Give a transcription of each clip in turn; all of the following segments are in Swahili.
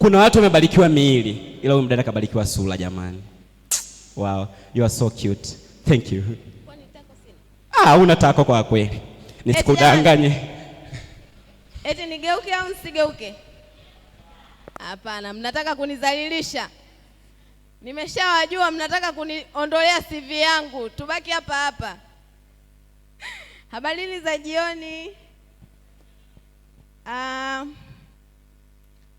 Kuna watu wamebarikiwa miili, ila huyu mdada kabarikiwa sura. Jamani, wow, you are so cute, thank you. Ah, una tako kwa kweli, nisikudanganye. Eti nigeuke au nsigeuke Hapana, mnataka kunizalilisha. Nimeshawajua mnataka kuniondolea CV yangu. Tubaki hapa hapa. Habarini za jioni. Uh,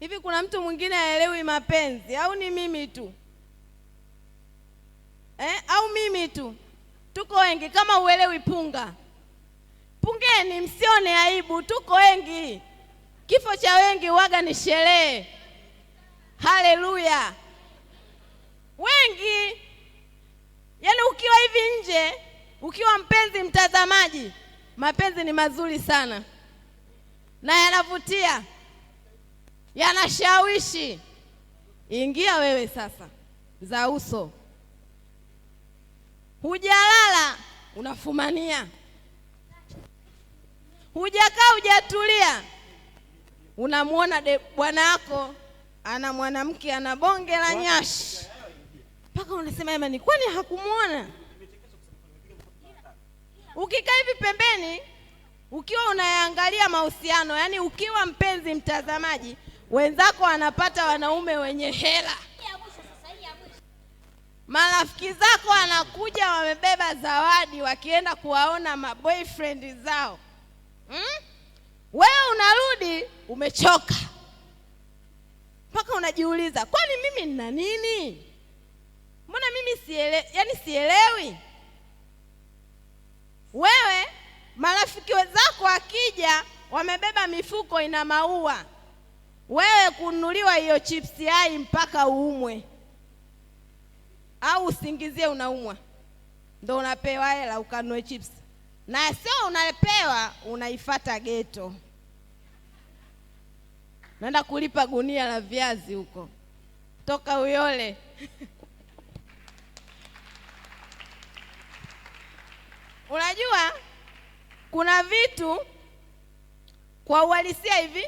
Hivi kuna mtu mwingine aelewi mapenzi au ni mimi tu eh? Au mimi tu? Tuko wengi. Kama uelewi punga, pungeni, msione aibu. Tuko wengi, kifo cha wengi waga ni sherehe. Haleluya! Wengi yaani, ukiwa hivi nje, ukiwa mpenzi mtazamaji, mapenzi ni mazuri sana na yanavutia yanashawishi. Ingia wewe sasa, za uso hujalala, unafumania, hujakaa, hujatulia, unamwona bwana yako ana mwanamke ana bonge la nyashi mpaka unasema yamani, kwani hakumwona? Ukikaa hivi pembeni, ukiwa unayaangalia mahusiano, yaani ukiwa mpenzi mtazamaji wenzako wanapata wanaume wenye hela, marafiki zako wanakuja wamebeba zawadi, wakienda kuwaona maboyfriend zao hmm? Wewe unarudi umechoka, mpaka unajiuliza kwani mimi nina nini? Mbona mimi siele, yani sielewi. Wewe marafiki wenzako akija wamebeba mifuko ina maua wewe kununuliwa hiyo chipsi yai mpaka uumwe au usingizie unaumwa, ndo unapewa hela ukanue chips, na sio unapewa, unaifata geto, naenda kulipa gunia la viazi huko toka Uyole. Unajua kuna vitu kwa uhalisia hivi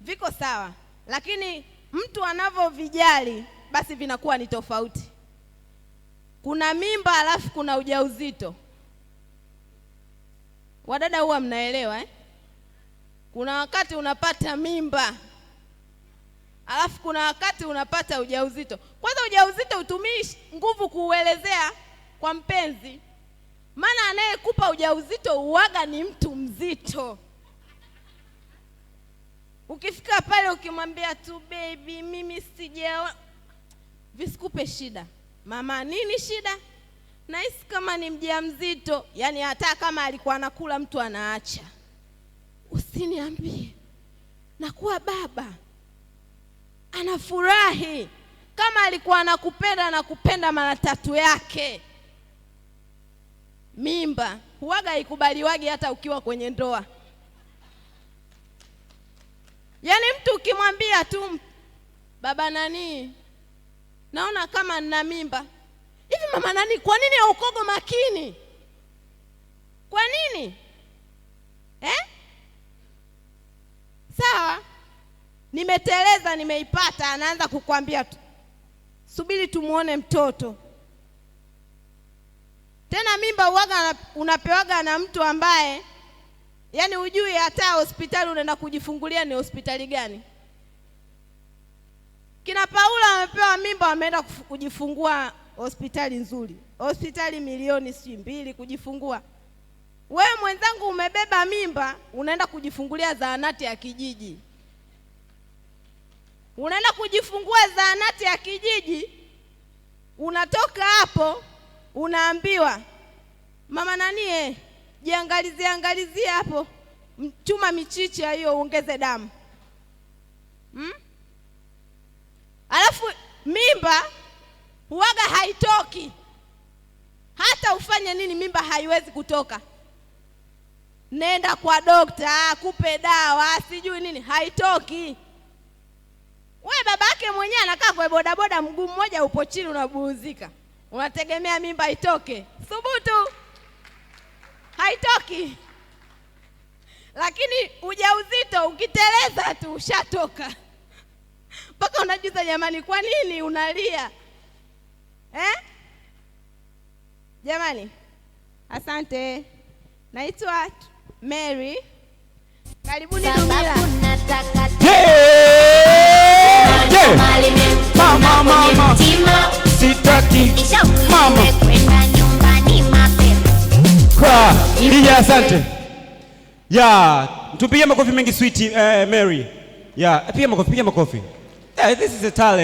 viko sawa, lakini mtu anavyovijali basi vinakuwa ni tofauti. Kuna mimba alafu kuna ujauzito. Wadada huwa mnaelewa eh? Kuna wakati unapata mimba alafu kuna wakati unapata ujauzito. Kwanza ujauzito utumii nguvu kuuelezea kwa mpenzi, maana anayekupa ujauzito uwaga ni mtu mzito. Ukifika pale ukimwambia tu baby, mimi sijaona, visikupe shida. Mama, nini shida? Nahisi kama ni mjamzito. Yaani hata kama alikuwa anakula mtu anaacha, usiniambie. Nakuwa baba anafurahi kama alikuwa anakupenda kupenda mara tatu yake. Mimba huwaga ikubaliwagi hata ukiwa kwenye ndoa. ukimwambia tu baba nani, naona kama nina mimba hivi, mama nani, kwa nini haukogo makini? Kwa nini eh? Sawa, nimeteleza, nimeipata, anaanza kukwambia tu, subiri tumuone mtoto. Tena mimba uwaga unapewaga na mtu ambaye yaani hujui hata hospitali unaenda kujifungulia ni hospitali gani. Kina Paula wamepewa mimba, wameenda kujifungua hospitali nzuri, hospitali milioni si mbili kujifungua. Wewe mwenzangu, umebeba mimba, unaenda kujifungulia zahanati ya kijiji, unaenda kujifungua zahanati ya kijiji. Unatoka hapo unaambiwa mama nanie jiangalizie angalizie hapo, chuma michichi ya hiyo uongeze damu hmm? Alafu mimba huaga haitoki hata ufanye nini, mimba haiwezi kutoka. Nenda kwa dokta ah, akupe dawa ah, sijui nini, haitoki. We babake mwenyewe anakaa kwa bodaboda, mguu mmoja upo chini, unabuuzika, unategemea mimba itoke? Thubutu! haitoki, lakini ujauzito ukiteleza tu ushatoka, mpaka unajuza jamani, kwa nini unalia eh? Jamani, asante. Naitwa Mary, karibuni Dumila. Mama, mama, mama Yeah, asante. ya tupige makofi mengi sweet, eh, Mary. ya piga makofi, piga makofi. Yeah, this is a talent.